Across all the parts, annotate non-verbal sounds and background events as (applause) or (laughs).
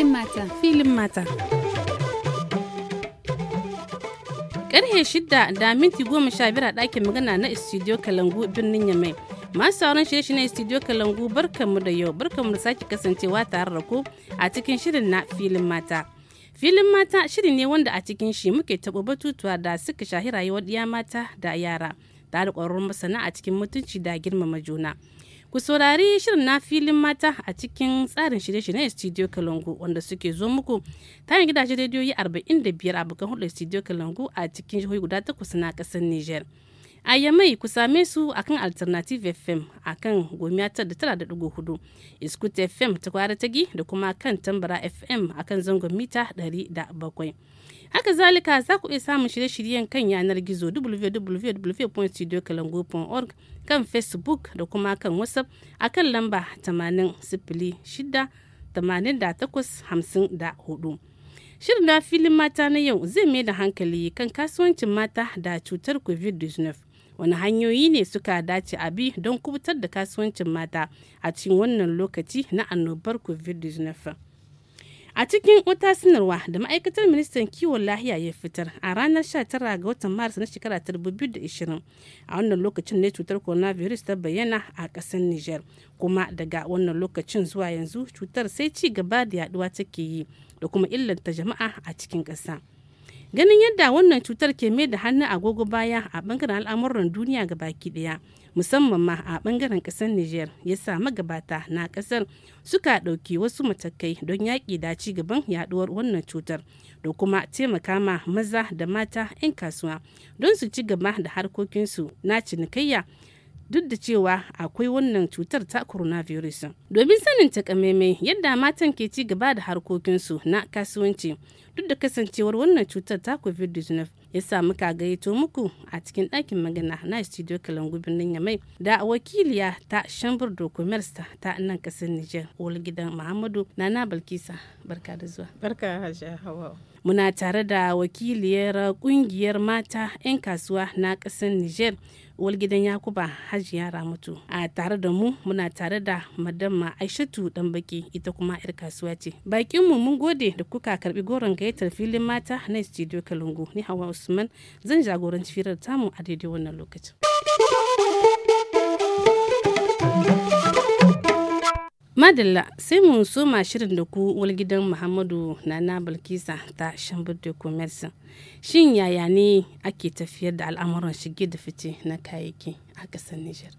Filin mata. Filin mata. Karhe shida da minti goma sha biyar a ɗakin magana na Studio Kalangu birnin Yamai. Masu sauran shirye-shiryen Studio Kalangu barkanmu da yau barkanmu da sake kasancewa tare da ku a cikin shirin na Filin mata. Filin mata shiri ne wanda a cikin shi muke taɓo batutuwa da suka shahi rayuwar ɗiya mata da yara. Tare ƙwararrun masana a cikin mutunci da girmama juna. Ku saurari shirin na filin mata a cikin tsarin shirye-shiryen Studio Kalangu wanda suke zo muku ta yin gidajen rediyoyi 45 a bukan hudu Studio Kalangu a cikin jihohi guda takwas na kasar Niger. A Yamai ku same su akan Alternative FM akan gomiya da tara da dugu hudu, Iskut FM ta kwara gi da kuma kan Tambara FM akan zangon mita ɗari da bakwai. haka zalika za ku iya samun shirye-shiryen kan yanar gizo www.studio.org kan facebook da kuma kan whatsapp a kan lamba 80 Shirin da filin mata na yau zai mai da hankali kan kasuwancin mata da cutar COVID-19. Wani hanyoyi ne suka dace abi don kubutar da kasuwancin mata a cikin wannan lokaci na annobar COVID-19. a cikin wata sanarwa da ma'aikatar ministan kiwon lahiya ya fitar a ranar 19 ga watan maris na shekara 2020 a wannan lokacin ne cutar coronavirus ta bayyana a ƙasar niger kuma daga wannan lokacin zuwa yanzu cutar sai ci gaba da yaduwa take yi da kuma illanta jama'a a cikin ƙasa. ganin yadda wannan cutar ke mai da hannu agogo baya a bangaren al'amuran duniya ga baki daya musamman ma a bangaren kasar niger ya sa magabata na kasar suka ɗauki wasu matakai don yaƙi da ci gaban yaduwar wannan cutar da kuma taimaka ma maza da mata 'yan kasuwa don su ci gaba da harkokinsu na cinikayya duk da cewa akwai wannan cutar ta coronavirus domin sanin takamaimai yadda matan ke ci gaba da harkokinsu na kasuwanci duk da kasancewar wannan cutar ta covid-19 ya samu ka gayyato muku a cikin ɗakin magana na studio kalangu birnin yamai da wakiliya ta shambar dokumers ta nan kasar niger gidan muhammadu nana balkisa barka da zuwa barka hawa muna tare da wakiliyar ƙungiyar mata 'yan kasuwa na ƙasar niger uwar gidan yakuba hajiya ramatu a tare da mu muna tare da madamma aishatu baki ita kuma yar kasuwa ce bakin mu mun gode da kuka karbi goron gayyatar filin mata na studio kalungu ni hawa usman zan jagoranci firar tamu a daidai wannan lokacin madalla sai mu soma shirin da ku walgidan muhammadu nana balkisa ta shambudde commerce shin yaya ne ake tafiyar da al'amuran shige da fice na kayayyaki a ƙasar niger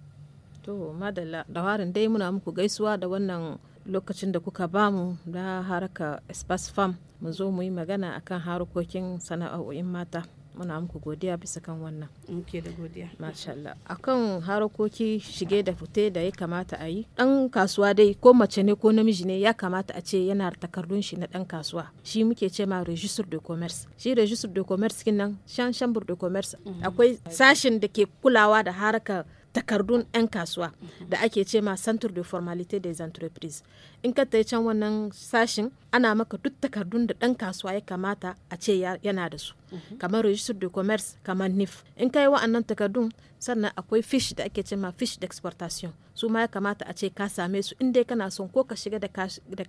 to madalla da warin dai muna muku gaisuwa da wannan lokacin da kuka bamu da haraka espace farm mu zo mu yi magana akan harkokin sana'o'in mata muna muku godiya bisa kan wannan muke da godiya masha Allah akan harkoki shige da fite da ya kamata a yi dan kasuwa dai ko mace ne ko namiji ne ya kamata a ce yana takardun shi na dan kasuwa shi muke ce ma register de commerce shi register de commerce kin nan shan chambre de commerce mhm. akwai sashin da ke kulawa da harkar takardun 'yan kasuwa mhm. da ake ce ma centre de formalité des entreprises in ka tayi can wannan sashin ana maka duk takardun da ɗan kasuwa ya kamata a ce yana da su mhm. kamar register de commerce kamar nif in ka yi wa'annan takardun sannan akwai fish da ake cema fish d'exportation su ma ya kamata a ce ka same su in dai kana son ko ka shiga da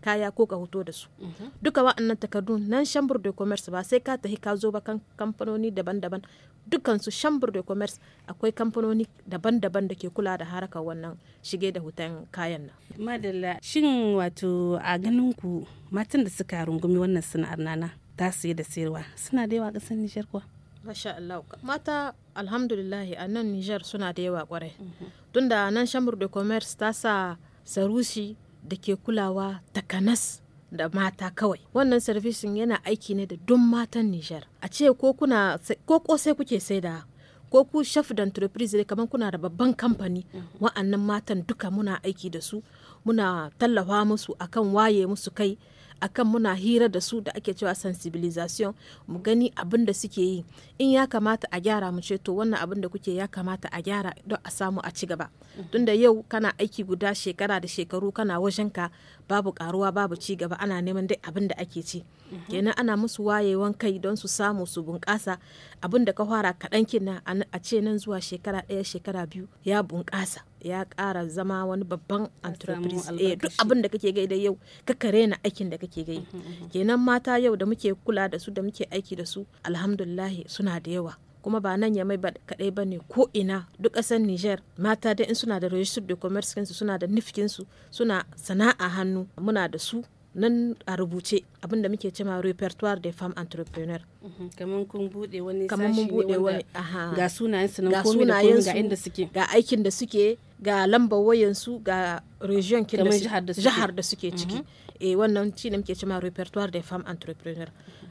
kaya ko ka hoto da su mhm. duka wa'annan takardun nan chambre de commerce ba sai ka tafi ka zo ba kan kamfanoni daban-daban dukansu chambre de commerce akwai kamfanoni daban-daban da ke kula da harkar wannan shige da hutan kayan nan madalla shin wato a ganin ku matan da suka rungumi wannan sana'ar nana ta saye da sayarwa suna da yawa a ƙasar Nijar kuwa. Masha Allah. Mata alhamdulillahi a nan Nijar suna da yawa kwarai. Tunda nan shamur de Commerce ta sa sarushi da ke kulawa ta kanas da mata kawai wannan sarfishin yana aiki ne da duk matan nijar a ce ko kuna ko kosai kuke saida ko ku chef d'entreprise ne kamar kuna da babban kamfani wa'annan matan duka muna aiki da su muna tallafa musu akan waye musu kai akan muna hira da su da ake cewa sensibilization mu gani abin da suke yi in ya kamata a gyara mu ce to wannan abin da kuke ya kamata a gyara don a samu a ci gaba mhm. tunda yau kana aiki guda shekara da shekaru kana wajenka babu karuwa babu ci gaba ana neman dai abin da ake ci mhm. kenan ana musu wayewan kai don su samu su bunƙasa abin da ka fara kaɗan kina a ce nan zuwa shekara ɗaya shekara biyu ya bunƙasa ya kara zama wani babban entreprise eh duk abin da kake gai da yau ka na aikin da kake gai mhm, mhm. kenan mata yau da muke kula da su da muke aiki da su alhamdulillah suna da yawa kuma ba nan ya mai ba kadai ba ne ko ina duk ƙasar Niger mata da in suna da registered de commerce kinsu suna da su suna sana'a hannu muna da su nan a rubuce abin da muke cema repertoire des femmes entrepreneur mhm, kamar kun bude wani sashi ne wanda ga su nan komai da komai ga inda suke ga aikin da suke ga lambar wayansu ga region kin jihar da suke mhm. ciki e wannan shi ne muke cima repertoire des femmes entrepreneur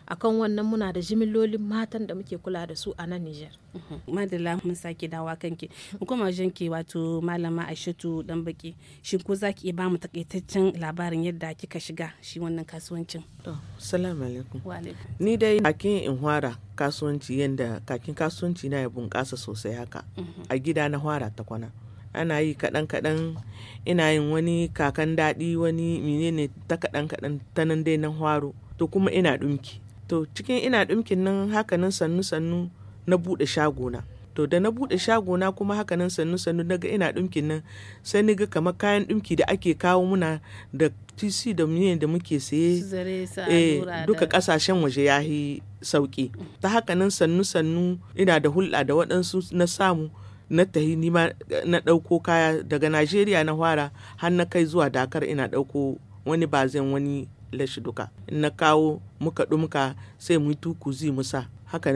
akan wannan muna da jimillolin matan da muke kula da su a nan Niger mhm. madalla mun sake dawa kanki mu koma ki wato malama Aishatu dan baki shin ko zaki ki ba mu takaitaccen labarin yadda kika shiga shi wannan kasuwancin to assalamu alaikum wa alaikum ni dai akin in hwara kasuwanci yanda kakin kasuwanci na ya bunƙasa sosai haka mhm. a gida na hwara ta kwana ana yi kaɗan-kaɗan ina yin wani kakan daɗi wani menene ta kaɗan-kaɗan ta nan dai nan hwaro to kuma ina ɗumki to cikin ina ɗumkin nan hakanan sannu-sannu na buɗe shagona to da na buɗe shagona kuma hakanan sannu-sannu na ga ina ɗumkin nan sai ni ga kamar kayan ɗumki da ake kawo muna da tc da menene da muke saye eh, duka ƙasashen waje yahi sauƙi ta hakanan sannu-sannu ina da hulɗa da waɗansu na samu na tahi nima na ɗauko kaya daga najeriya na fara har na kai zuwa dakar ina ɗauko wani bazen wani lashi duka na kawo muka ɗumka sai mu tuku zi musa haka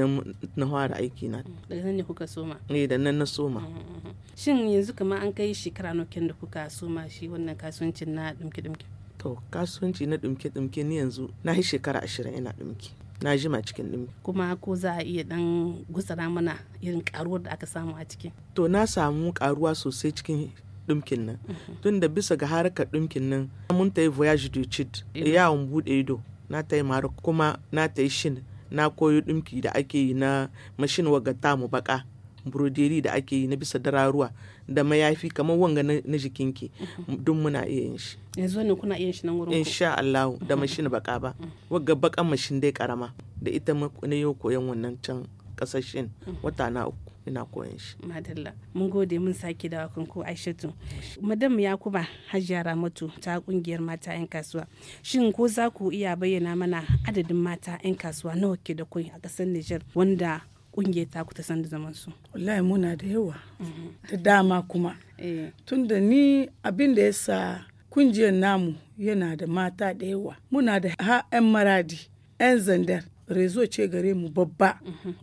na fara aiki na mm, daga nan ne kuka soma ne eh, da nan na soma mm, mm, shin yanzu kama an kai shekara nokin da kuka soma shi wannan kasuwancin na dumke dumke to kasuwanci na dumke dumke ni yanzu na yi shekara ashirin ina ɗumke. na jima cikin dumi. kuma ko za a iya dan gusara mana irin karuwar da aka samu a cikin to na samu karuwa sosai cikin dumkin nan mhm. tun da bisa ga harkar dumkin nan mun ta yi voyage du chid yawon buɗe ido na ta yi kuma na ta yi shin na koyo dumki da ake yi na mashin wagata tamu baka broderi da ake yi na bisa dararuwa da mayafi kamar wanga na jikinki mhm. duk muna iya yin shi yanzu ne kuna iya shi nan wurin insha Allah da mhm. mashin baka ba mhm. wagga bakan mashin dai karama da ita ne yau koyon wannan can kasashen wata na uku ina koyon shi madalla mun gode mun sake da wakan ko aishatu madam yakuba hajiya ramatu ta kungiyar mata yan kasuwa shin ko za ku iya bayyana mana adadin mata yan kasuwa nawa ke da kai a kasar Nijar wanda kungiyar ta ta san zaman su wallahi muna da yawa mhm. da dama kuma eh. tunda ni abin da ya sa kungiyar namu yana da mata da yawa muna da ha'yan maradi 'yan zandar rezo ce gare mu babba mhm.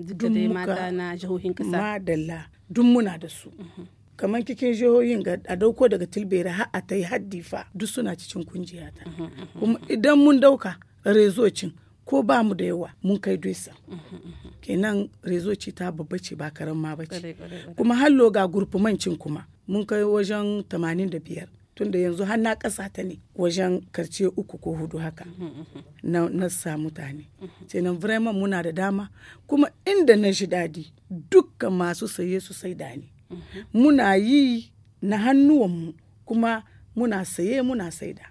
duk muna da su mhm. kamar kikin jihohin ga a dauko daga tilbera har a ta yi haddifa duk suna cikin kungiyata kuma idan mun dauka rezocin ko ba mu da yawa mun kai duisa uhm, uhm, uhm, kenan rezoci ta babba ce ba karan ma ba kuma hallo ga gurfumancin kuma mun kai wajen 85 tunda yanzu har na ƙasa ta ne wajen karce uku ko hudu haka na, nasa sa mutane kenan vraiment muna da dama kuma inda na shi dadi dukkan masu saye su sai da ni muna yi na hannuwanmu kuma muna saye muna saida.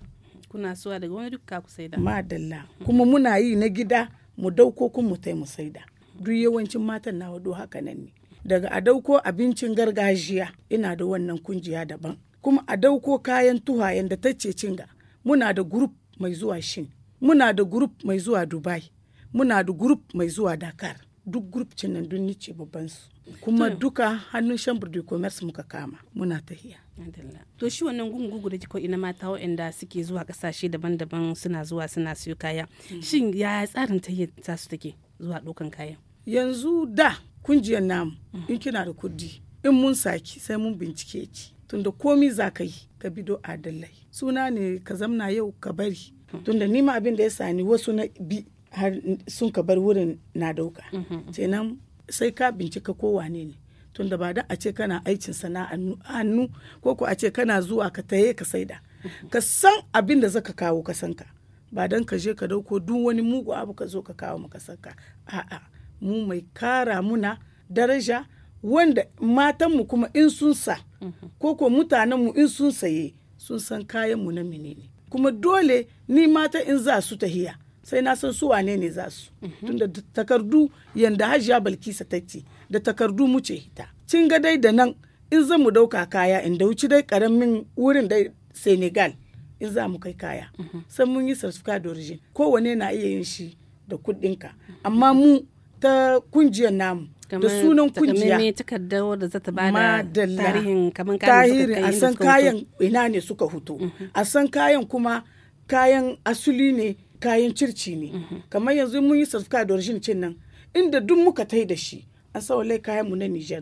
kuna suwa daga wani duka ku saida madalla kuma muna yi na gida mu dauko kun mu tai mu saida duk yawancin matan na wado haka nan ne daga a dauko abincin gargajiya ina da wannan kungiya daban kuma a dauko kayan tuhayen da tace cinga muna da gurup mai zuwa shin muna da gurup mai zuwa dubai muna da gurup mai zuwa dakar duk grup cin nan ni ce babban su kuma duka hannun chambre du commerce muka kama muna tahiya to shi wannan gungugu da kiko ina mata waɗanda suke zuwa kasashe daban-daban suna zuwa suna siyo kaya mm. shin ya tsarin tahiya ta su take zuwa ɗaukan kaya. yanzu da kungiyar namu mm. in kina da kuɗi in mun saki sai mun bincike ki tunda komi za ka yi ka bido adalai suna ne ka zamna yau ka bari mm. tunda nima abin da ya sani wasu na bi har sun ka bar wurin na dauka mm-hmm. kenan sai ka bincika ko wane ne tunda ba da a ce kana aikin sana'a hannu ko ko a ce kana zuwa ka taye ka saida ka san abin da zaka kawo ka san ka ba dan ka je ka dauko duk wani mugu abu ka zo ka kawo maka san ka a'a mu mai kara muna daraja wanda matan mu kuma in sun sa ko ko mu in sun saye sun san kayan mu na menene kuma dole ni mata in za su tahiya sai na san su wane ne za su tunda takardu yanda hajiya balkisa ta ce da takardu mu ce hita cin dai da nan in zan mu dauka kaya in wuce dai karamin wurin dai senegal in za mu kai kaya san mun yi da origin kowane na iya yin shi da kuɗinka amma mu ta kungiyar namu da sunan kungiya kamar takardar wadda za ta bada tarihin kamar kayan a san kayan ina ne suka hutu a san kayan kuma kayan asuli ne kayan circi ne mhm. kamar yanzu mun yi safka da rashin cin nan inda duk muka tai da shi an sa wallahi kayan mu na Niger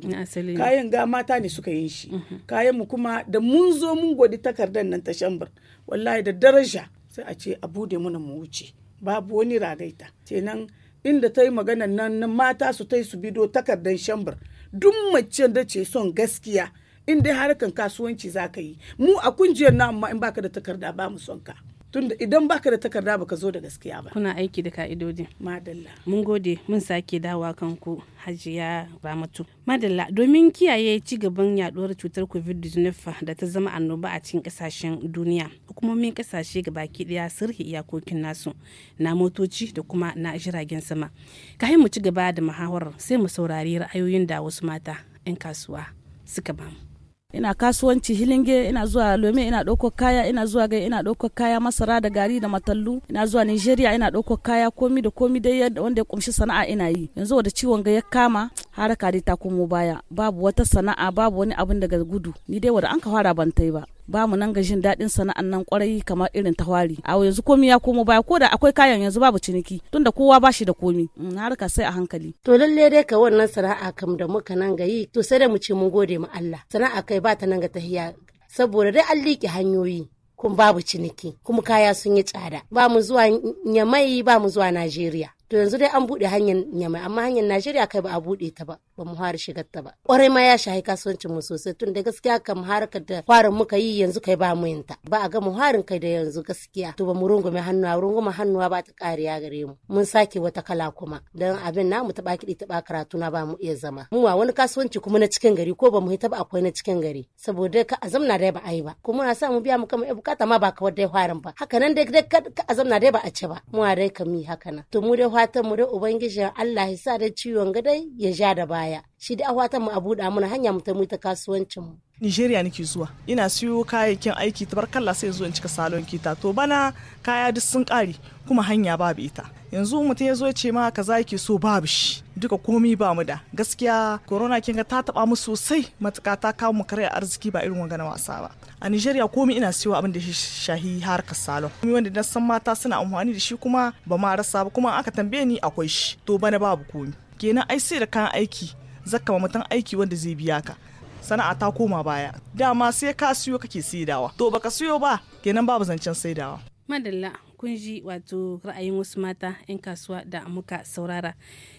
kayan ga mata ne suka yin shi mhm. kayan mu kuma da mun zo mun gwadi takardar nan ta shambar wallahi da daraja sai a ce a bude muna mu wuce babu wani ragaita kenan inda ta yi magana nan mata su ta su bido takardar shambar duk mace da ce son gaskiya inda harkan kasuwanci zaka yi mu a kungiyar na amma in baka da takarda ba mu son ka da idan baka da takarda baka zo da gaskiya ba kuna aiki da ka'idodi madalla mun gode mun sake dawa kanku hajiya ramatu madalla domin kiyaye ci gaban yaduwar cutar covid-19 da ta zama annoba a cikin kasashen duniya hukumomin kasashe baki daya sun iyakokin nasu na motoci da kuma na jiragen sama ka mu ci gaba da muhawarar sai mu saurari ra'ayoyin da wasu mata 'yan kasuwa suka bamu ina kasuwanci hilinge ina zuwa lome ina ɗauko kaya ina zuwa gai ina ɗauko kaya masara da gari da matallu ina zuwa nigeria ina ɗauko kaya komi da komi dai yadda wanda ya kumshi sana'a ina yi yanzu wada ciwon ga ya kama haraka dai ta komo baya babu wata sana'a babu wani abin daga gudu ni dai wada an ka fara ban tai ba ba mu nan ga jin daɗin sana'an nan kwarai kamar irin tawari a yanzu komi ya komo baya ko da akwai kayan yanzu babu ciniki tunda kowa ba shi da komi na mm, harka sai a hankali to lalle dai ka wannan sana'a kam da muka nan ga yi to sai da mu ce mun gode ma Allah sana'a kai ba ta nan ga tahiya saboda dai an liƙe hanyoyi kuma babu ciniki kuma kaya sun yi tsada ba mu zuwa nyamai ba mu zuwa najeriya to yanzu dai an buɗe hanyar nyamai amma hanyar najeriya kai ba a buɗe ta ba ba mu fara shigar ta ba kwarai ma ya shahi kasuwancin mu sosai tun da gaskiya ka mu harkar da farin muka yi yanzu kai ba mu yin ba a ga mu harin kai da yanzu gaskiya to ba mu rungume hannuwa rungume hannuwa ba ta kariya gare mu mun sake wata kala kuma dan abin namu taba kidi ta karatu na ba mu iya zama mu wa wani kasuwanci kuma na cikin gari ko ba mu hita ba akwai na cikin gari saboda ka azam na dai ba ai ba kuma na sa mu biya mu kama ya bukata ma ba kawar dai farin ba haka nan dai ka na dai ba a ci ba mu dai kami haka nan to mu dai fatan mu dai ubangijin Allah ya sa dai ciwon gadai ya ja da baya baya shi da awatan mu a buɗa mana hanya mu ta mu ta kasuwancin mu Nigeria nake zuwa ina siyo kayayyakin aiki ta tabarkalla sai zuwa in cika salon kita to bana kaya duk sun kare kuma hanya babu ita yanzu mutum ya zo ya ce ma kaza yake so babu shi duka komi ba mu da gaskiya corona kin ga ta taba mu sosai matuka ta kawo mu karya arziki ba irin wanga wasa ba a Nigeria komi ina siyo abin da shahi harkar salon komi wanda na san mata suna amfani da shi kuma ba ma rasa ba kuma aka tambaye ni akwai shi to bana babu komi kenan ai sai da kan aiki zaka ma mutum aiki wanda zai biya ka sana'a ta koma baya dama sai ka siyo kake saidawa to baka siyo ba kenan babu zancen saidawa madalla kun ji wato ra'ayin wasu mata 'yan kasuwa da muka saurara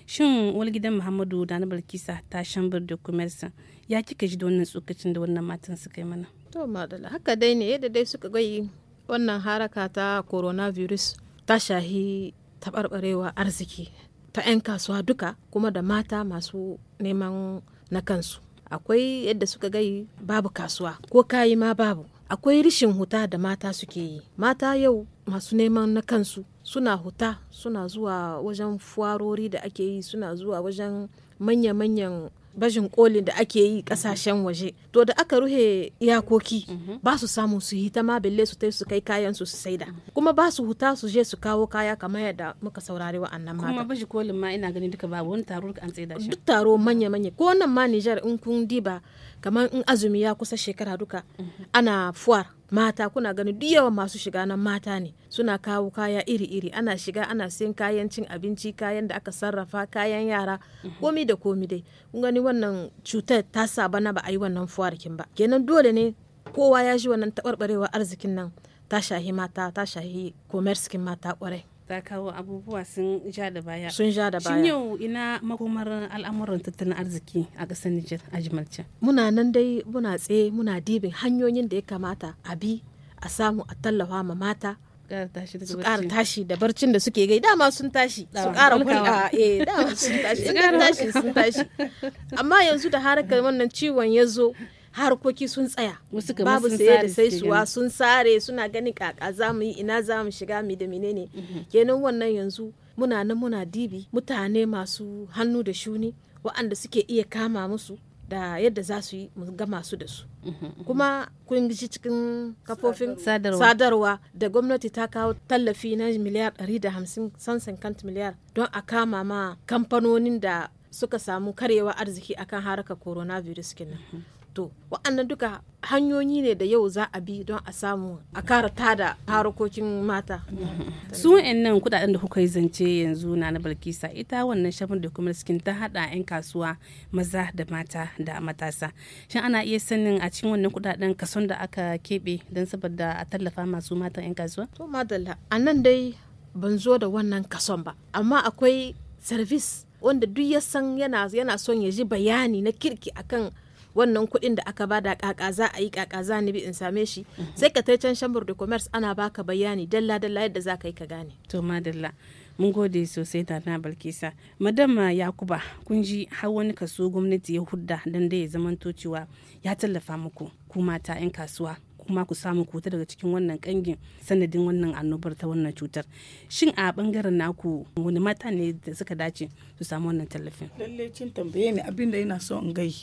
shin walgidan muhammadu da na balkisa ta shambar da kumersa ya kika ji da wannan tsokacin da wannan matan suka yi mana to madalla haka dai ne yadda dai suka gayi wannan haraka ta coronavirus ta shahi taɓarɓarewa arziki ta 'yan kasuwa duka kuma da mata masu neman na kansu akwai yadda suka gai babu kasuwa ko kayi ma babu akwai rishin huta da mata suke yi mata yau masu neman na kansu suna huta suna zuwa wajen fuwarori da ake yi suna zuwa wajen manya-manyan bajin kolin da ake yi kasashen waje to da aka ruhe iyakoki mhm. ba su samu su yi ta ma belle su tai su kai kayan su su saida kuma ba su huta su je su kawo kaya kamar yadda muka saurari wa'annan mata kuma bajin kolin ma ina ganin duka babu wani taro an tsaida shi duk taro manya manya ko nan ma Niger in kun diba kamar in azumi ya kusa shekara duka ana fuwar mata kuna gani duk yawan masu shiga nan mata ne suna kawo kaya iri-iri ana shiga ana sayan kayan cin abinci kayan da aka sarrafa kayan yara komi da komi dai kun gani wannan cutar ta sa bana ba a yi wannan fuwarkin ba kenan dole ne kowa ya ji wannan taɓarɓarewa arzikin nan ta shahi mata ta shahi komerskin mata kwarai ta kawo abubuwa sun ja da baya sun ja da baya shin yau ina makomar al'amuran tattalin arziki a ƙasar Nijar a muna nan dai muna tsaye muna dibin hanyoyin da ya kamata a bi a samu a tallafa ma mata su ƙara tashi da barcin da suke gai dama sun tashi su ƙara hulɗa (laughs) eh dama sun tashi sun tashi amma yanzu da harakar wannan ciwon ya zo harkoki sun tsaya babu saye da saisuwa sun sare suna ganin kaka za mu yi ina za mu shiga mu da menene mhm. kenan wannan yanzu muna na muna dibi mutane masu hannu da shuni wa'anda suke iya kama musu da yadda za su yi mu gama su da su mhm, mhm, kuma kun ji cikin kafofin sadarwa da gwamnati ta kawo tallafi na miliyar 150 sansan kant miliyar don a kama ma kamfanonin da suka samu karyewa arziki akan harkar coronavirus kenan to wa'annan duka hanyoyi ne da yau za a bi don a samu a karata da harkokin mata su nan kudaden da kuka yi zance yanzu na na balkisa ita wannan shafin da kuma skin ta hada 'yan kasuwa maza da mata da matasa shin ana iya sanin a cikin wannan kudaden kason da aka keɓe don saboda a tallafa masu matan 'yan kasuwa to madalla a nan dai ban zo da wannan kason ba amma akwai service wanda duk ya san yana son ya ji bayani na kirki akan wannan kuɗin da aka bada kaka za a yi kaka za ni bi in same shi sai ka tai can chamber de commerce ana baka bayani dalla dalla yadda za ka yi ka gane to madalla mun gode sosai da na balkisa madama yakuba kun ji har wani kaso gwamnati ya hudda dan da ya zamanto cewa ya tallafa muku ku mata 'yan kasuwa kuma ku samu kuta daga cikin wannan kangin sanadin wannan annobar ta wannan cutar shin a bangaren naku wani mata ne da suka dace su samu wannan tallafin lalle cin tambaye ne abinda yana so in gai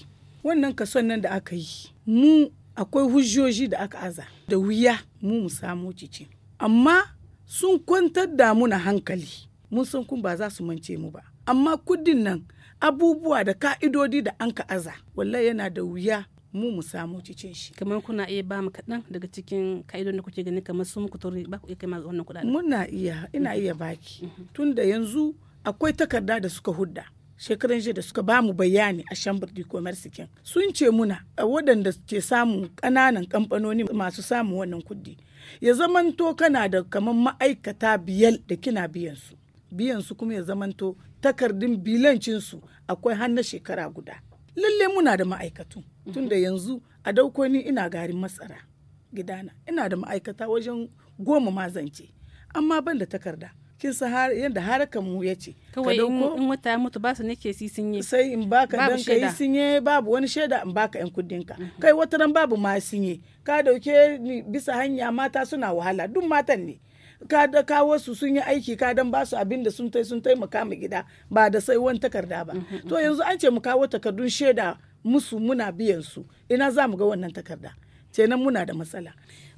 wannan kason nan da aka yi mu akwai hujjoji da aka aza da wuya mu mu samu cici amma sun kwantar da mu na hankali mun san kun ba za su mance mu ba amma kudin nan abubuwa da ka'idodi da an ka aza wallahi yana da wuya mu mu samu cikin shi kamar kuna iya ba mu kaɗan daga cikin ka'idodin da kuke gani kamar su muku tori ba ku iya kai wannan kuɗaɗen muna iya ina mhm. iya baki mhm. tunda yanzu akwai takarda da suka hudda shekaran jiya da suka ba mu bayani a shambar du commerce sun ce muna waɗanda ke samun ƙananan kamfanoni masu samun wannan kuɗi ya zamanto kana da kamar ma'aikata biyar da kina biyansu biyansu kuma ya zamanto takardun bilancin akwai har shekara guda lalle muna da ma'aikatu mhm. tunda yanzu a dauko ni ina garin masara gidana ina da ma'aikata wajen goma ma zance amma ban da takarda kin sa har yanda harakan mu yace kawai in wata ya mutu ba su nake si sun yi sai in baka dan kai sun yi babu wani shaida in baka yan kudin ka mhm. kai wata nan babu ma sun ka dauke ni bisa hanya mata suna wahala duk matan ne ka da kawo su sun yi aiki ka dan ba su abin da sun tai sun taimaka mu gida ba da sai wani takarda ba mhm, mhm, to yanzu an ce mu kawo takardun shaida musu muna biyan su ina za mu ga wannan takarda kenan muna da matsala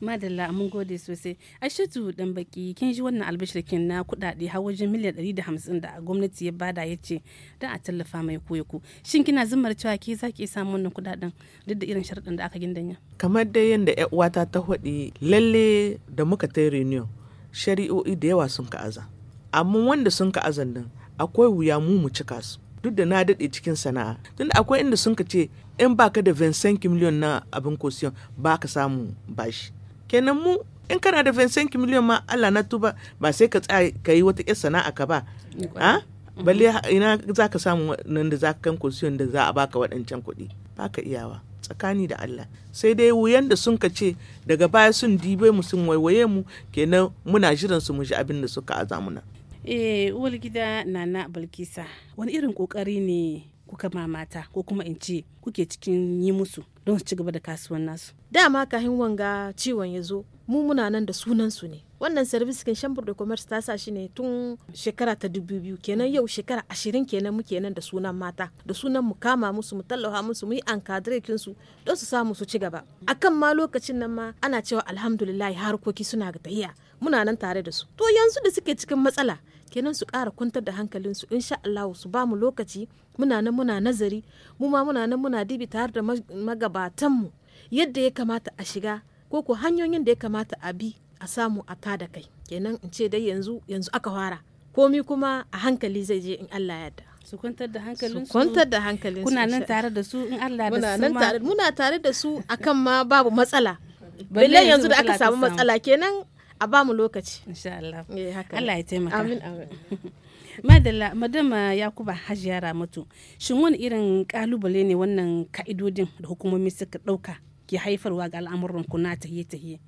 madalla mun gode sosai aishatu dan baki kin ji wannan albashirkin na kudade har wajen miliyan 150 da gwamnati ya bada ya ce a tallafa mai koyako shin kina zimmar cewa ke zaki ki samu wannan kudaden duk da irin sharadin da aka gindanya kamar dai yanda ƴar uwata ta hodi lalle da muka ta reunion shari'o'i da yawa sun ka ka'aza amma wanda sun ka azan din akwai wuya mu mu cika su duk da na dade cikin sana'a tunda akwai inda sun ka ce in baka da 25 miliyon na abin kosiyon ba ka samu bashi kenan mu in kana da 25 miliyon ma Allah na tuba ba sai ka tsaya ka yi wata sana'a ka ba a ah? mm-hmm. balle ina za ka samu nan da za ka kan kosiyon da za a baka waɗancan kuɗi ba ka iyawa tsakani da Allah sai dai wuyan da sun ce daga baya sun dibe mu sun waiwaye mu kenan muna jiran su mu ji abin da suka azamuna. Eh uwar gida Nana Balkisa wani irin kokari ne kuka ma mata ko kuma in ce kuke cikin yi musu don su ci gaba da kasuwan nasu dama kahin wanga ciwon ya zo mu muna nan da sunansu ne wannan service kin shambur de commerce ta sa shi ne tun shekara ta biyu kenan yau shekara ashirin kenan muke nan da sunan mata da sunan mu kama musu mu tallafa musu mu yi an kin su don su samu su ci gaba akan ma lokacin nan ma ana cewa alhamdulillah harkoki suna ga tahiya muna nan tare da su to yanzu da suke cikin matsala kenan su ƙara kwantar da hankalinsu in sha Allah su ba mu lokaci muna nan muna nazari mu ma muna nan muna dibi tare da magabatanmu yadda ya kamata a shiga ko ko hanyoyin da ya kamata a bi a samu a tada kai kenan in ce dai yanzu yanzu aka fara komi kuma a hankali zai je in Allah ya yarda su kwantar da hankalin su kwantar da hankalin kuna nan tare da su in Allah da su muna tare da su akan ma babu matsala balle yanzu da aka samu matsala kenan a ba mu lokaci insha Allah eh, Allah ya taimaka amin amin (laughs) madalla madama uh, yakuba hajiya ramatu shin wani irin kalubale ne wannan ka'idodin da hukumomi suka dauka ke haifarwa ga al'amuran ku na tahiye tahiye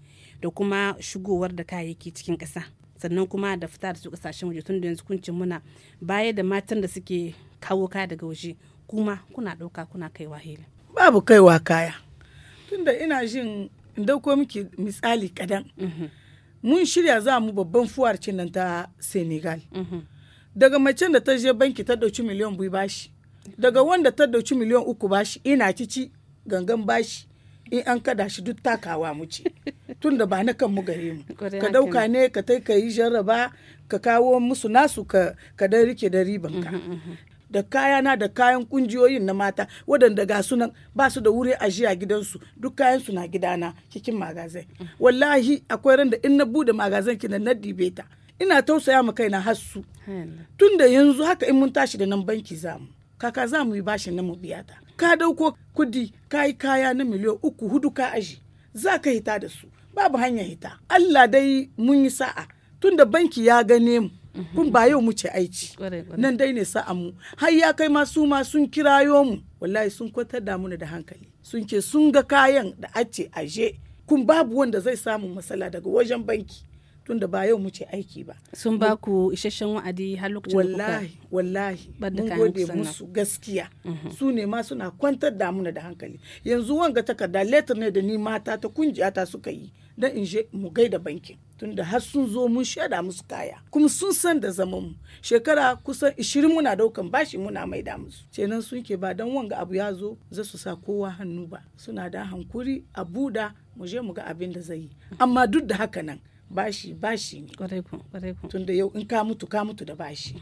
da kuma shigowar da kayayyaki cikin ƙasa sannan kuma da fita da su kasashen waje tun da yanzu kun ce muna baya da matan da suke kawo kaya daga waje kuma kuna ɗauka kuna kaiwa hili babu kaiwa kaya tunda ina jin in dauko miki misali kadan mm -hmm. mun shirya za mu babban fuwar nan ta senegal mhm. daga macen da ta je banki ta ɗauki miliyan biyu bashi daga wanda ta dauki miliyan uku bashi ina cici gangan bashi in an kada shi duk takawa mu ce (laughs) tun da ba na kan mu gare mu ka dauka ne ka tai ka yi jarraba ka kawo musu nasu ka ka dan rike da ribanka mhm, mhm. da kayana da kayan kungiyoyin na mata waɗanda ga sunan ba su da wuri ajiya gidansu duk kayan su na gidana cikin magazin wallahi akwai ran da in na bude magazin kina na dibe ta ina tausaya ma kaina har su Tunda yanzu haka in mun tashi da nan banki zamu kaka za mu yi bashin na mu biya ta ka dauko kudi ka kaya na miliyan uku hudu ka aji za ka hita da su babu hanya hita Allah dai mun yi sa'a Tunda banki ya gane mu Mhm. kun ba yau mu ci aici nan dai ne mu har ya kai ma su ma sun kirayo mu wallahi sun kwatar da muna da hankali sun ce sun ga kayan da ace aje kun babu wanda zai samu matsala daga wajen banki tunda ba yau muke aiki ba sun ba ku isasshen wa'adi har lokacin wallahi wallahi mun gode musu gaskiya mhm. su ne ma suna kwantar da damuna da hankali yanzu wanga takarda letter ne da ni mata ta kungiya suka yi dan in je mu gaida bankin tunda har sun zo mun shaida musu kaya kuma sun san da zaman mu shekara kusan 20 muna daukan bashi muna maida musu kenan sun ke ba dan wanga abu ya zo za su sa kowa hannu ba suna da hankuri a buda mu je mu ga abin da zai yi amma duk da haka nan bashi bashi ne tunda yau in ka mutu ka mutu da bashi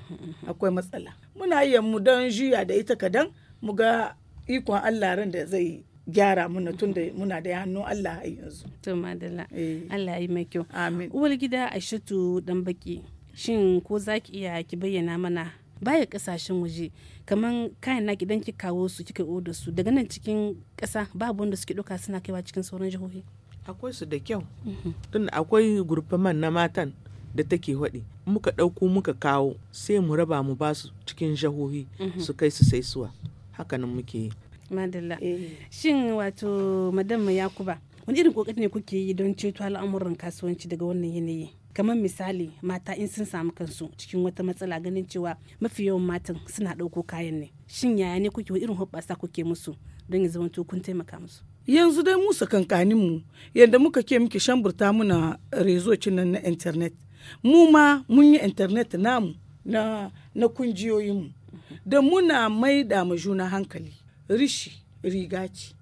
akwai matsala muna yin mu don juya da ita kadan mu ga ikon Allah ran da zai gyara muna tunda muna da hannu Allah a yanzu to madalla eh. Allah ya yi mai kyau amin uwar gida Aishatu dan baki shin ko zaki iya ki bayyana mana baya kasashen waje kaman kayan na gidan ki kawo su kika oda su daga nan cikin kasa babu wanda suke doka suna kaiwa cikin sauran jihohi akwai su da kyau mhm. tun akwai gurfaman na matan da take waɗi muka ɗauko muka kawo sai mu raba mu basu cikin jahohi mhm. su kai su sai suwa hakanan muke yi madalla eh. shin wato madam yakuba wani irin kokari ne kuke yi don ceto al'amuran kasuwanci daga wannan yanayi kamar misali mata in sun samu kansu cikin wata matsala ganin cewa mafi yawan matan suna ɗauko kayan ne shin yaya ne kuke irin hoɓɓasa kuke musu don ya zama kun taimaka musu yanzu dai mu kankaninmu yadda muka ke muke shamburta muna rezocin nan na internet mu ma mun yi internet namu na, na kungiyoyinmu da muna mai ma juna hankali rishi rigaki.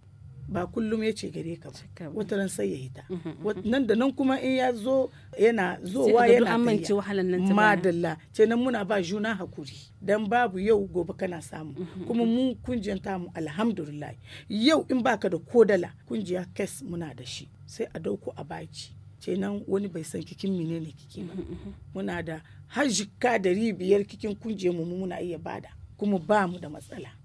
ba kullum ya ce gare ka ba wata sai ya ta mm-hmm, mm-hmm. nan da nan kuma in ya zo yana zowa yana tayya madalla ce nan muna ba juna hakuri dan babu yau gobe kana samu mm-hmm, kuma mu kungiyar mu alhamdulillah yau in baka da kodala kunjiya kes muna da shi sai a dauko a baci nan wani bai san kikin mine ne kike ba muna da hajjika da biyar kikin kunje mu muna iya bada kuma ba mu da matsala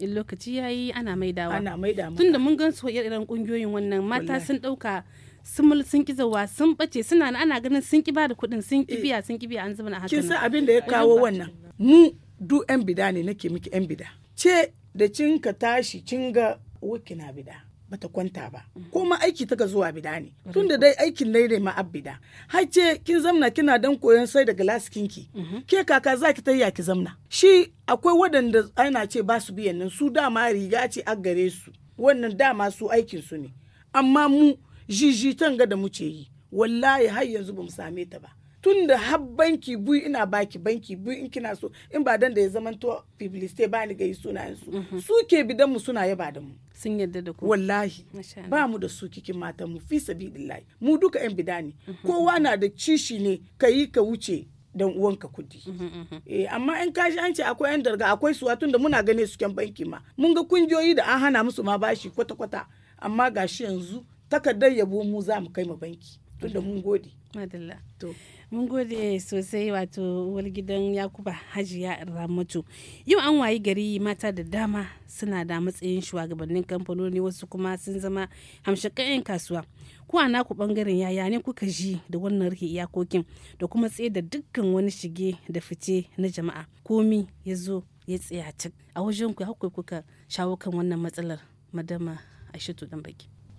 in lokaci yi ana maidawa ana maidawa tunda mun gan su irin kungiyoyin wannan mata sun dauka sun sun zawa sun bace suna ana ganin sun ki ba da kuɗin sun ki eh. biya sun ki biya an zuba na hakan kin san abin da ya kawo wannan mu du yan bida ne nake miki yan bida ce da cin ka tashi cin ga wukina bida bata kwanta ba mhm. ko ma aiki ta zuwa bida ne tun da dai aikin dai-dai ma abida har ce kin zamna kina dan koyon sai da glass ki mhm. ke kaka za ki tayya ki zamna shi akwai waɗanda ana ce ba su biyan nan su dama riga ce a gare su wannan dama su aikin su ne amma mu jijitan ga da muke yi wallahi har yanzu bamu same ta ba tun da har banki bui ina baki banki bui in kina so in ba dan da ya zamanto publicity ba ni gai sunayen su mhm. su ke bidan mu suna yaba da mu sun yadda da ku wallahi ba mu da su kikin matan mu fi sabilillahi mu duka yan bida ne mhm, mhm. kowa na da cishi ne kayi ka wuce dan uwanka kudi eh amma in kashi an ce akwai yan darga akwai suwa tunda muna gane su kan banki ma mun ga kungiyoyi da an hana musu ma bashi kwata kwata amma gashi yanzu takardar yabo mu za mu kai ma banki tunda mun gode madalla to mun gode sosai wato wal gidan yakuba hajiya ramatu yau an wayi gari mata da dama suna da matsayin shugabannin kamfanoni wasu kuma sun zama hamshakan 'yan kasuwa ko a naku bangaren yaya ne kuka ji da wannan rike iyakokin da kuma tsaye da dukkan wani shige da fice na jama'a komi ya zo ya tsaya cik a wajen ku kuka shawo kan wannan matsalar madama aishatu dan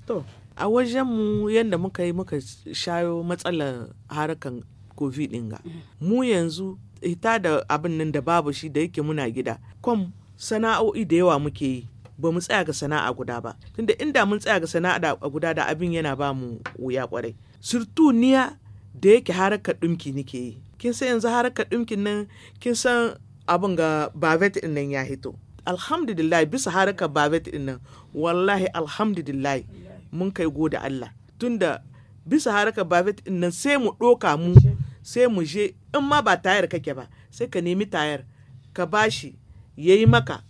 To, a wajenmu yadda muka yi muka shayo matsalar harakan covid din ga. Mu yanzu hita da abin nan da babu shi da yake muna gida. Kwam sana'o'i da yawa muke yi. Ba mu tsaya ga sana'a guda ba. Tunda inda mun tsaya ga sana'a guda da abin yana ba mu wuya kwarai. Surtu niya da yake haraka ɗumki nike yi. Kin san yanzu harakar ɗumkin nan kin san abin ga babet ɗin nan ya hito. Alhamdulillah bisa harakar babet ɗin nan wallahi alhamdulillah mun kai goda Allah tunda bisa haraka bafet nan sai mu ɗoka mu sai mu je in ma ba tayar kake ba sai ka nemi tayar ka bashi ya yi maka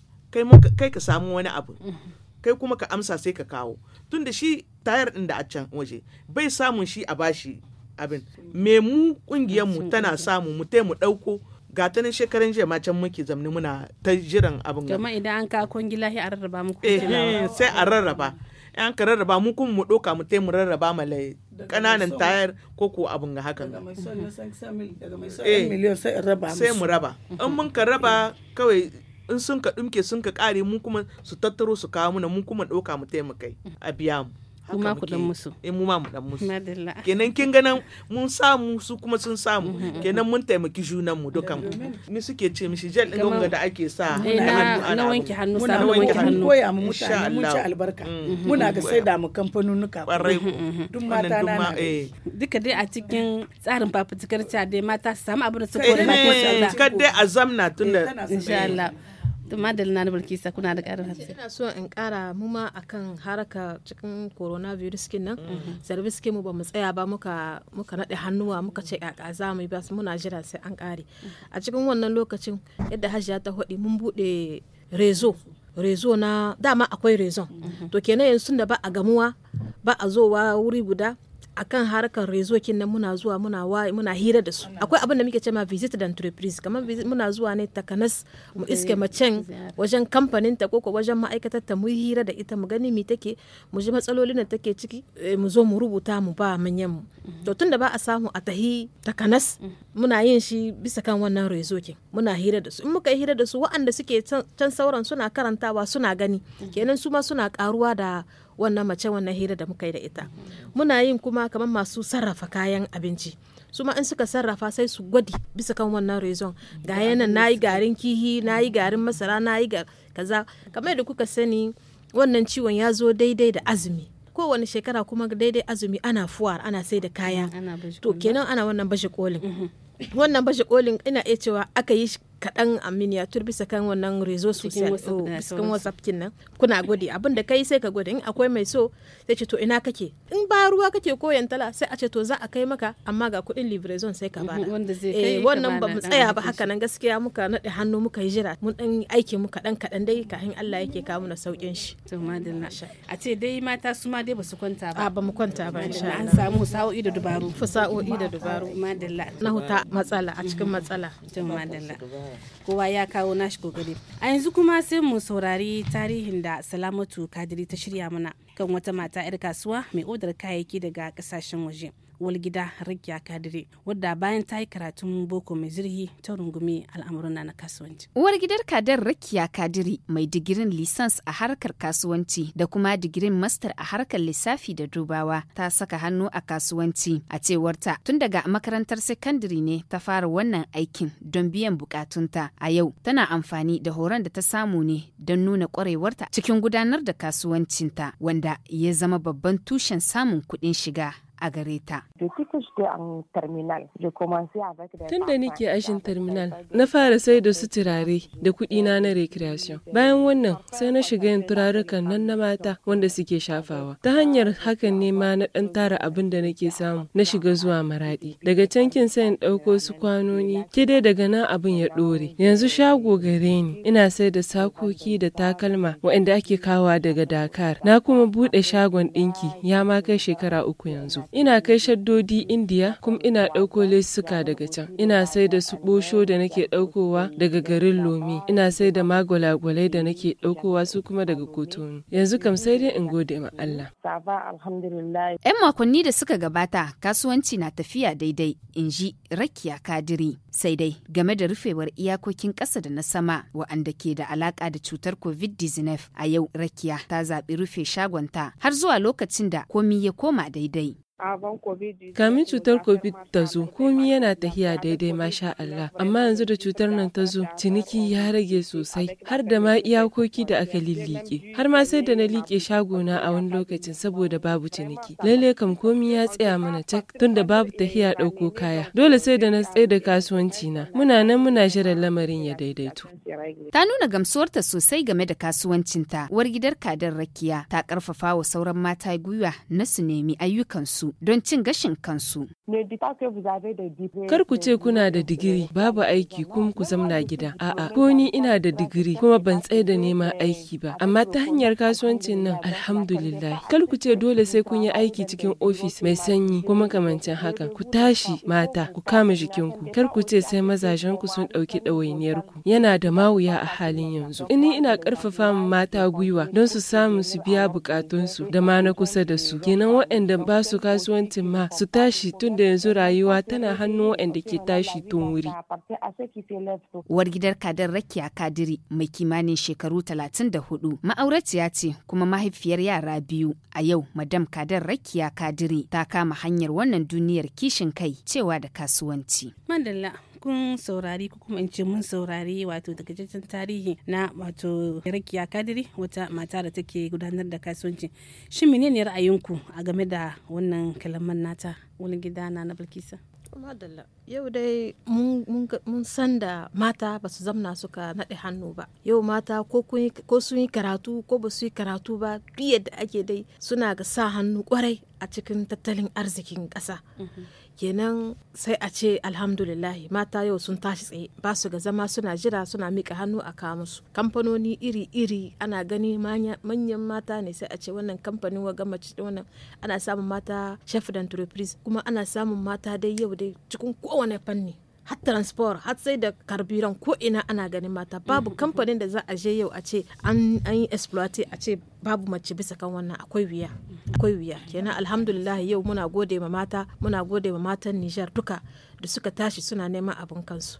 kai ka samu wani abu (laughs) kai kuma ka amsa sai ka kawo tunda shi tayar ɗin da a can waje bai samun shi a bashi abin me mu kungiyar mu tana samu mu mu ɗauko ga ta shekaran jiya ma can muke zamni muna ta jiran abin gama idan an ka kungila a rarraba muku eh, eh, sai a rarraba yan ka rarraba mu kuma mu ɗoka mu mu rarraba ma lai ƙananan tayar ko ko abin ga hakan daga mai eh. sai raba sai mu raba in mun ka raba kawai in sun ka ɗumke sun ka ƙare mu kuma su tattaro su kawo muna mu kuma ɗoka mu taimakai a biya mu kuma ku dan musu eh mu ma mu dan musu kenan kin ga nan mun samu su kuma sun samu mm-hmm. kenan mun taimaki junan mu dukan mu me suke ce mishi jel din gonga da ake sa na wanke hannu sa na wanke hannu koya mu mutane mun ci albarka mm-hmm. Mm-hmm. muna ga sai da mu kamfanonuka kwarai duk mata na eh. duka dai a cikin tsarin fafutukar ta dai mata su samu abin da su eh, kore mata ko su Allah eh, dai a tunda insha Allah to madalina na bulkisa kuna da karin hatsi ina so in kara mu akan haraka cikin coronavirus kin nan mhm. service kin mu ba mu tsaya ba muka muka nade hannuwa muka ce kaka za mu yi ba muna jira sai an kare a cikin wannan lokacin yadda hajiya ta hodi mun bude rezo rezo na dama akwai rezon mhm. to kenan yanzu da ba a gamuwa ba a zowa wuri guda akan harkar rezokin nan muna zuwa muna wa muna hira da su akwai abin da muke cewa visit da entreprise kamar muna zuwa ne takanas mu iske macen wajen kamfanin ta koko wajen ma'aikatar ta mu hira da ita mu gani mi take mu ji matsalolin da take ciki eh, mu zo mu rubuta mu ba manyan mu mhm. to tun da ba a samu a tahi takanas mhm. muna yin shi bisa kan wannan rezokin muna hira da su in muka hira da su waɗanda suke can sauran suna karantawa suna gani mhm. kenan su ma suna karuwa da wannan mace wannan hira da muka yi da ita muna yin kuma kamar masu sarrafa kayan abinci su ma in suka sarrafa sai su gwadi bisa kan wannan rezon ga yanan na yi garin kihi na yi garin masara na yi kaza kamar da kuka sani wannan ciwon ya zo daidai da azumi kowane shekara kuma daidai azumi ana fuwar ana sai da kaya mm, to kenan ana wannan bashe kolin mm-hmm. wannan bashe kolin ina iya cewa aka yi kaɗan a miniature bisa kan wannan rezo social oh, bisa kan whatsapp kin nan kuna gode abin da kai sai ka gode in akwai mai so sai ce to ina kake in ba ruwa kake ko yantala sai a ce to za a kai maka amma ga kuɗin livraison sai ka mhm, bana. eh wannan ba mu tsaya ba haka nan gaskiya muka naɗe hannu muka yi jira mun dan aiki muka dan kaɗan dai kafin Allah yake kawo na saukin shi to madalla a ce dai mata su ma dai ba su kwanta ba ba mu kwanta ba insha Allah an samu sa'o'i da dubaru sa'o'i da dubaru madalla na huta matsala a cikin matsala to madalla kowa ya kawo nashi kokari a yanzu kuma sai mu saurari tarihin da salamatu kadiri ta shirya mana kan wata mata 'yar kasuwa mai odar kayayyaki daga kasashen waje uwar gida Rakiya Kadire wadda bayan ta yi karatun boko mai zirhi ta rungumi al'amuran na kasuwanci. Uwar gidar Kadar Rakiya kadiri mai digirin lisans a harkar kasuwanci da kuma digirin master a harkar lissafi da dubawa ta saka hannu a kasuwanci a cewarta tun daga makarantar sakandare ne ta fara wannan aikin don biyan bukatunta a yau tana amfani da horon da ta samu ne don nuna kwarewarta cikin gudanar da kasuwancinta wanda ya zama babban tushen samun kuɗin shiga a gare ta. Tun da nake ashin terminal, na fara sai da su turare da kuɗina na recreation. Bayan wannan sai na shiga yin turarukan nan na mata wanda suke shafawa. Ta hanyar hakan ne ma na ɗan tara abin da nake samu na shiga zuwa maraɗi. Daga can kin sai in ɗauko su kwanoni, ke dai daga nan abin ya ɗore. Yanzu shago gare ni, ina sai da sakoki da takalma waɗanda ake kawa daga Dakar. Na kuma buɗe shagon ɗinki ya ma kai shekara uku yanzu. Ina kai shaddodi Indiya kuma ina ɗauko lesuka daga can. Ina sai da su ɓosho da nake ɗaukowa daga garin Lomi. Ina sai da magwalagwalai da nake ɗaukowa su kuma daga Kotonu. Yanzu kam sai dai in gode ma Allah. Yan makonni da suka gabata kasuwanci na tafiya daidai in ji Rakiya Kadiri. sai dai game da rufewar iyakokin ƙasa da na sama wa'anda ke da alaƙa da cutar covid-19 a yau rakiya ta zaɓi rufe shagonta har zuwa lokacin da komi ya koma daidai kamin cutar covid ta zo komi yana tahiya daidai masha Allah amma yanzu da cutar nan ta zo ciniki ya rage sosai har da ma iyakoki da aka lillike har ma sai da na liƙe shagona a wani lokacin saboda babu ciniki lalle kam komi ya tsaya mana cak tunda babu tahiya ɗauko kaya dole sai da na tsaye da kasuwanci na Muna nan muna shirin lamarin ya daidaito. Ta nuna gamsuwarta sosai game da kasuwancinta. Uwar gidar Kadar Rakiya ta karfafa wa sauran mata gwiwa na su nemi ayyukansu don cin gashin kansu. Kar ku ce kuna da digiri babu aiki kuma ku zamna gida. A'a, ko ni ina da digiri kuma ban tsaye da neman aiki ba. Amma ta hanyar kasuwancin nan alhamdulillah. Kar ku ce dole sai kun yi aiki cikin ofis mai sanyi kuma kamancin hakan. Ku tashi mata, ku kama jikinku. Kar ku ce ce sai mazajen ku sun ɗauki ɗawainiyar ku yana da mawuya a halin yanzu ini ina ƙarfafa mata gwiwa don su samu su biya bukatunsu da ma na kusa da su kenan waɗanda ba su kasuwancin ma su tashi tun da yanzu rayuwa tana hannu waɗanda ke tashi tun wuri. Uwar gidar Kadar Rakiya Kadiri mai kimanin shekaru 34 ma'auratiya ce kuma mahaifiyar yara biyu a yau Madam Kadar Rakiya Kadiri ta kama hanyar wannan duniyar kishin kai cewa da kasuwanci. Madalla kun saurari ko kuma in ce mun saurari wato daga jajen tarihi na wato rakiya kadiri wata mata da take gudanar da kasuwanci shin menene ra'ayinku a game da wannan kalaman nata wani gida na na bilkisa madalla yau dai mun san da mata ba su zamna suka naɗe hannu ba yau mata ko sun yi karatu ko ba su yi karatu ba duk da ake dai suna ga sa hannu kwarai a cikin tattalin arzikin ƙasa mhm. kenan sai a ce alhamdulillahi mata yau sun tashi tsaye ba su ga zama suna jira suna mika hannu a kawo musu kamfanoni iri-iri ana gani manyan mata ne sai a ce wannan kamfanin waga mace wannan ana samun mata chef d'entreprise kuma ana samun mata dai yau dai cikin kowane fanni har transport har sai da karbiran ko ina ana ganin mata babu mm. kamfanin da za a je yau a ce an yi exploite a ce babu mace bisa kan wannan akwai wuya akwai wuya kenan alhamdulillah yau muna gode ma mata muna gode ma matan Nijar duka da suka tashi suna neman abin kansu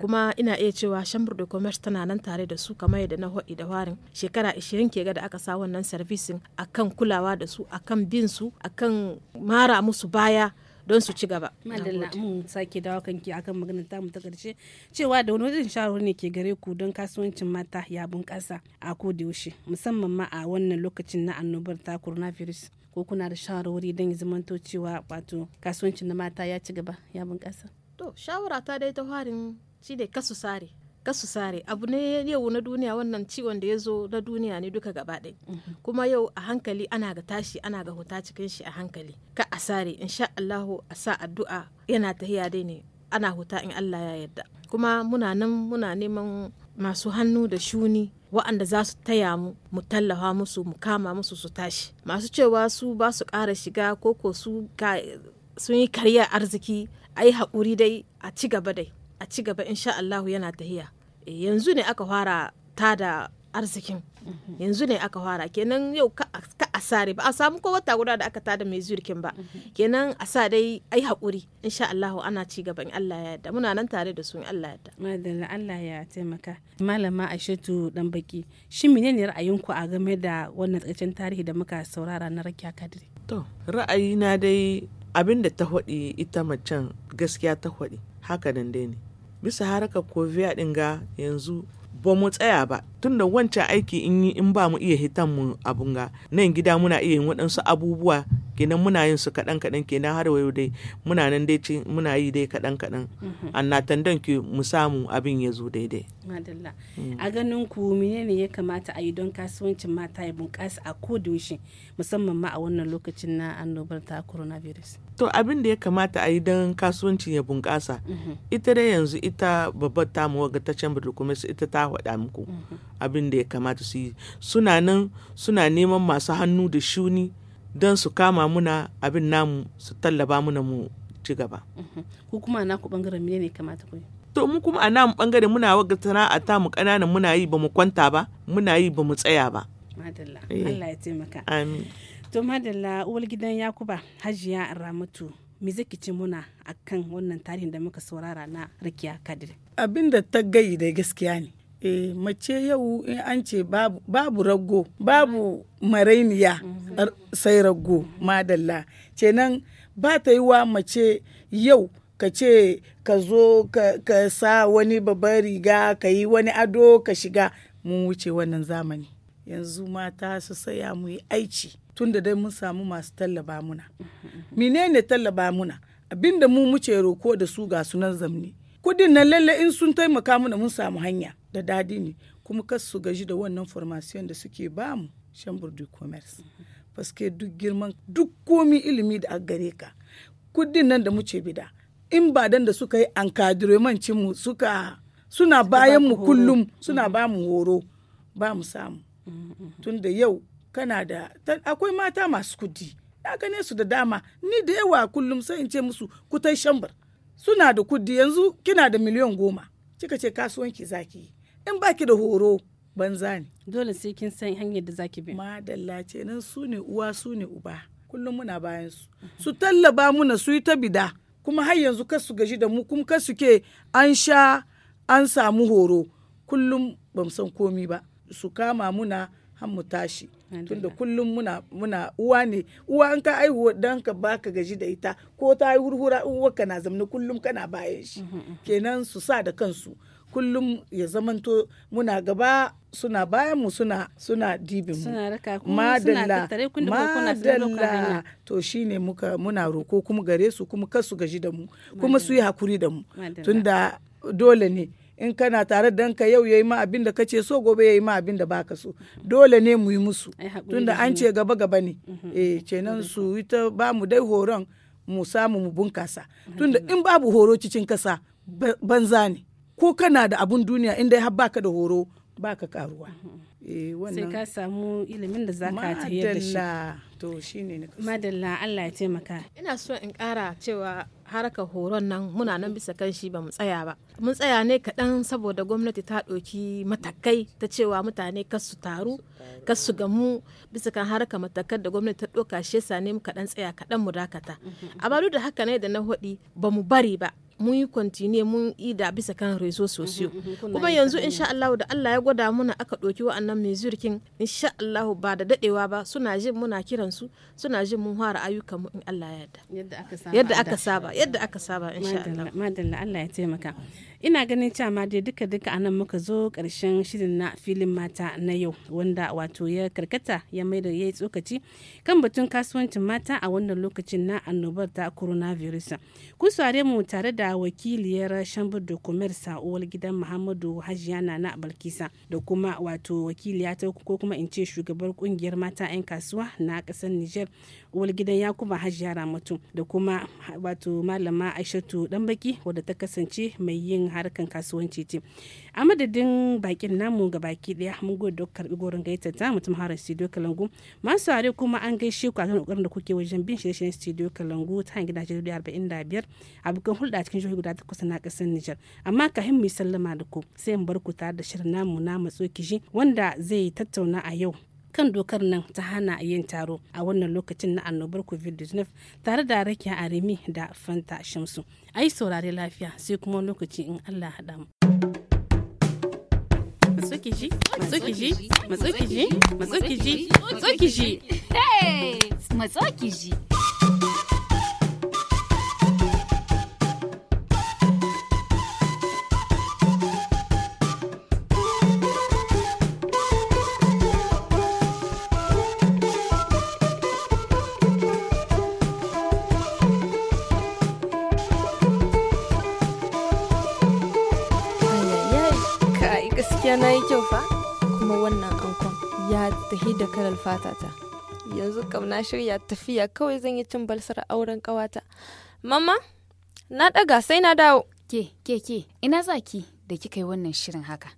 kuma ina iya cewa chamber de commerce tana nan tare da su kamar yadda na hodi da warin shekara 20 ke ga da aka sa wannan servicing akan kulawa da su akan bin su akan mara musu baya don su ci gaba madalla mun sake dawo kanki akan maganar tamu ta karshe cewa da wani wajen shawar ne ke gare ku don kasuwancin mata ya bunƙasa a da yaushe musamman ma a wannan lokacin na annobar ta coronavirus ko kuna da shawarwari don ya zamanto cewa wato kasuwancin na mata ya ci gaba ya bunƙasa to shawara ta dai ta harin shi da kasu sare kasu sare abu ne yau na duniya wannan ciwon da ya zo na duniya ne duka gaba ɗaya mhm. kuma yau a hankali ana ga tashi ana ga huta cikin shi a hankali ka a sare insha Allahu a sa addu'a yana tahiya dai ne ana huta in Allah ya yarda kuma muna nan muna neman masu hannu da shuni wa'anda za su taya mu mu tallafa musu mu kama musu su tashi masu cewa su ba su ƙara shiga ko ko su sun yi karya arziki a yi haƙuri dai a ci gaba dai a ci gaba insha Allahu yana tahiya eh, yanzu ne aka fara tada arzikin mhm. yanzu ne aka fara kenan yau ka a sare ba a samu ko wata guda da aka tada mai zurkin ba mhm. kenan a sa dai ai haƙuri insha Allahu ana ci gaba in Allah ya yarda muna nan tare da su in Allah ya yarda madalla Allah ya taimaka malama Aishatu dan baki shin menene ra'ayinku a game da wannan tsakacin tarihi da muka saurara na Rakiya Kadiri to ra'ayina dai abin da ta haɗi ita macen gaskiya ta haɗi haka dai ne bisa haraka covid ɗin ga yanzu ba mu tsaya ba tunda wancan aiki in yi in ba mu iya hitan mu abun ga nan gida muna iya yin waɗansu abubuwa kenan muna yin su kaɗan kaɗan kenan har wayo dai muna nan dai muna yi dai kaɗan kaɗan mhm. annatan tandan ki mu samu abin ya zo daidai madalla mm. a ganin ku menene ya kamata a yi don kasuwancin mata ya bunƙasa a kodayaushe musamman ma a wannan lokacin na annobar ta coronavirus to abin da ya kamata a yi don kasuwancin ya bunƙasa mhm. ita dai yanzu ita babbar tamu ga ta chamber ita ta faɗa muku mhm. abin da ya kamata su yi suna nan suna neman masu hannu da shuni don su kama muna abin namu su tallaba muna mu ci gaba mhm. ko kuma na ku bangaren mene ne kamata ku to mu kuma a namu bangare muna waga sana'a ta mu kananan muna yi ba mu kwanta ba muna yi ba mu tsaya ba madalla eh. Allah ya taimaka amin to madalla uwar gidan yakuba hajiya ramatu me zaki ce muna akan wannan tarihin da muka saurara na rakiya kadir abin da ta gayi da gaskiya ne eh mace yau in an ce babu, rago babu marainiya mhm. sai rago madalla kenan ba ta yi wa mace yau ka ce ka zo ka, sa wani babban riga ka yi wani ado ka shiga mun wuce wannan zamani yanzu mata su saya mu yi aici tun da dai mun samu masu tallaba muna mhm. menene tallaba muna abinda mu muce roko da su ga sunan zamni kudin nan lalle in sun taimaka muna mun samu hanya da dadi ne kuma kas su gaji da wannan formation da suke bamu chambre du commerce paske duk girman duk komi ilimi da gare ka kudin nan da muke bida in ba dan da suka yi cin mu suka suna bayan mu kullum suna mm-hmm. ba mu horo ba mu samu mm-hmm. tunda yau kana da akwai mata masu kudi na gane su da dama ni da yawa kullum sai in ce musu kutai shambar suna da kudi yanzu kina da miliyan goma kika ce kasuwanki zaki yi in baki da horo banza ne dole sai kin san hanyar da zaki bi madalla ce nan su ne uwa su ne uba kullum muna bayan su su tallaba muna su yi ta bida kuma har yanzu kasu su gaji da mu kuma kasu ke an sha an samu horo kullum bamu san komi ba su kama muna har mu tashi tunda kullum muna muna uwa ne uwa an ka aihuwa dan ka baka gaji da ita ko ta yi hurhura uwa kana zama kullum kana bayan shi mhm, mhm. kenan su sa da kansu kullum ya zamanto muna gaba suna bayan mu suna suna dibin mu madalla madalla to shine muka muna roko kuma gare su kuma kar su gaji da mu kuma su yi hakuri da mu tunda dole ne in kana tare da ka yau yayi ma abin da kace so gobe yayi ma abin da baka so dole ne mu yi musu tunda an ce gaba gaba ne mhm. eh kenan su ita ba mu dai horon mu samu mu bunkasa tunda in babu horo cikin kasa banza ne ko kana da abun duniya inda har baka da horo baka karuwa mm-hmm. eh, sai ka samu ilimin da za zaka ta yadda shi to ne na madalla Allah ya taimaka ina so in kara cewa harkar horon nan muna nan bisa kan shi ba mu tsaya ba mun tsaya ne kaɗan saboda gwamnati ta ɗauki matakai ta cewa mutane kas su taru kas su gamu bisa kan harkar matakar da gwamnati ta ɗauka shi yasa ne mu kaɗan tsaya kaɗan mu dakata mhm. amma duk da haka ne da na hudi ba mu bari ba mun yi kwantine mun yi da bisa kan rezo sosiyo mhm, mhm, kuma yanzu insha Allah da Allah ya gwada muna aka ɗauki wa'annan mai zurkin insha Allah ba da daɗewa ba suna jin muna kiran su suna jin mun fara ayyukan mu in Allah ya yarda yadda aka saba yadda aka saba insha Allah madalla Allah ya taimaka ina ganin cama dai duka duka a nan muka zo karshen shirin na filin mata na yau wanda wato ya karkata ya mai da ya yi tsokaci kan batun kasuwancin mata a wannan lokacin na annobar ta coronavirus kun sware mu tare da wakiliyar shambar kumar sa'uwar gidan muhammadu hajiana na balkisa da kuma wato wakiliya ta ko kuma in ce shugabar kungiyar mata 'yan kasuwa na ƙasar niger uwar gidan yakuba hajiya ramatu da kuma wato malama aishatu danbaki wadda ta kasance mai yin harkan kasuwanci ce a madadin bakin namu ga baki daya mun gode da karbi gorin gaita ta mutum harin studio kalangu masu are kuma an gaishe ku a kan kokarin da kuke wajen bin shirye-shiryen studio kalangu ta hanyar da arba'in da biyar a hulɗa cikin jihohi guda takwas na ƙasar nijar amma ka mu sallama da ku sai mu bar ku tare da shirin namu na matso kishi wanda zai tattauna a yau kan dokar nan ta hana yin taro a wannan lokacin na annobar covid-19 tare da rakiya arimi da fanta shamsu a yi saurare lafiya sai kuma lokaci in allah haɗa mu matsokiji matsokiji matsokiji matsokiji matsokiji kalar fatata yanzu kam na shirya tafiya kawai zan yi cin balsar auren kawata mama na daga sai na dawo ke ke ke ina zaki da kika yi wannan shirin haka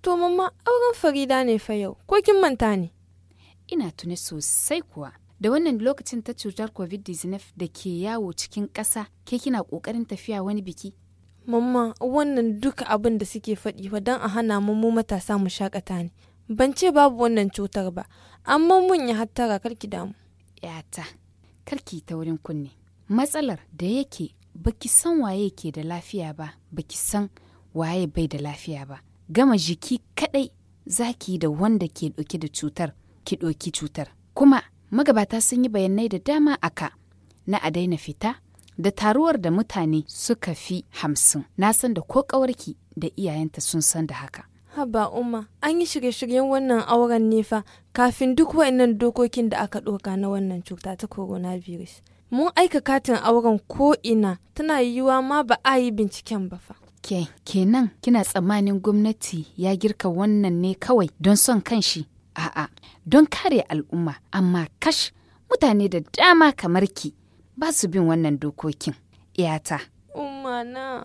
to mama auren farida ne fa yau ko kin manta ne ina tuni sosai kuwa da wannan lokacin ta cutar covid-19 da ke yawo cikin ƙasa ke kina ƙoƙarin tafiya wani biki mamma wannan duka abin da suke faɗi wa don a hana mu matasa mu shakata ne ban ce babu wannan cutar ba amma mun yi hattara karki damu yata karki ta wurin kunne matsalar da yake baki san waye ke da lafiya ba baki san waye bai da lafiya ba gama jiki kadai zaki da wanda ke ɗauke da cutar ki ɗauki cutar kuma magabata sun yi bayanai da dama aka na a daina fita da taruwar da mutane suka fi hamsin na san da ko ƙawarki da iyayenta sun san da haka Haba Umma, an yi shirye-shiryen wannan auren ne fa kafin duk waɗannan dokokin da aka ɗoka na wannan cuta ta coronavirus. Mun aika katin auren ko ina tana yiwuwa ma ba a yi binciken ba fa. kenan kina tsammanin gwamnati ya girka wannan ne kawai don son kan shi A'a, don kare al'umma, amma kash mutane da dama kamar ki ba su bin wannan dokokin. Iyata. Umma na.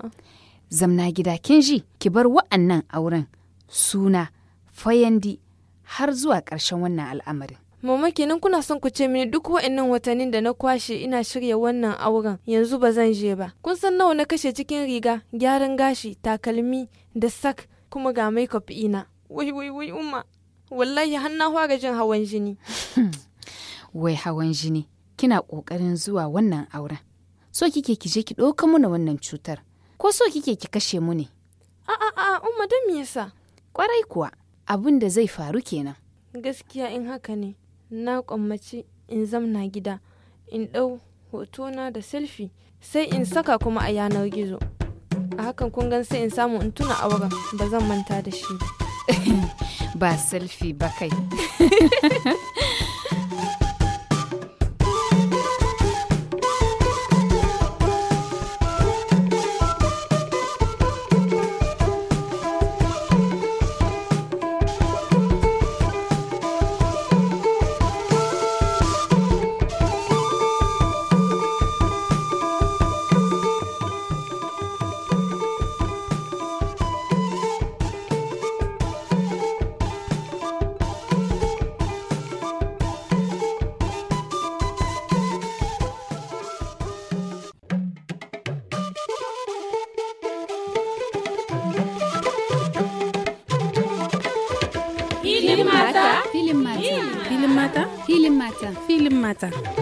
Zamna gida kin ji, ki bar wa'annan auren suna fayandi har zuwa ƙarshen wannan al'amarin. Mama kenan kuna son ku ce mini duk wa'annan watannin da na kwashe ina shirya wannan auren yanzu ba zan je ba. Kun san nawa na kashe cikin riga, gyaran gashi, takalmi da sak kuma ga makeup ina. Wai wai wai umma. Wallahi har na fara jin hawan jini. (laughs) wai hawan jini. Kina kokarin zuwa wannan auren. So kike ki je ki ɗauka muna wannan cutar. Ko so kike ki kashe mu ne? A'a a'a umma don me yasa? Kwarai kuwa, abin da zai faru kenan. Gaskiya in haka ne, na kwammaci in zamna gida, in ɗau hotona da selfie, sai in saka kuma a yanar gizo. A hakan kun gan sai in samu in tuna auren ba zan manta da shi ba. (laughs) ba ba kai. (laughs) Renata.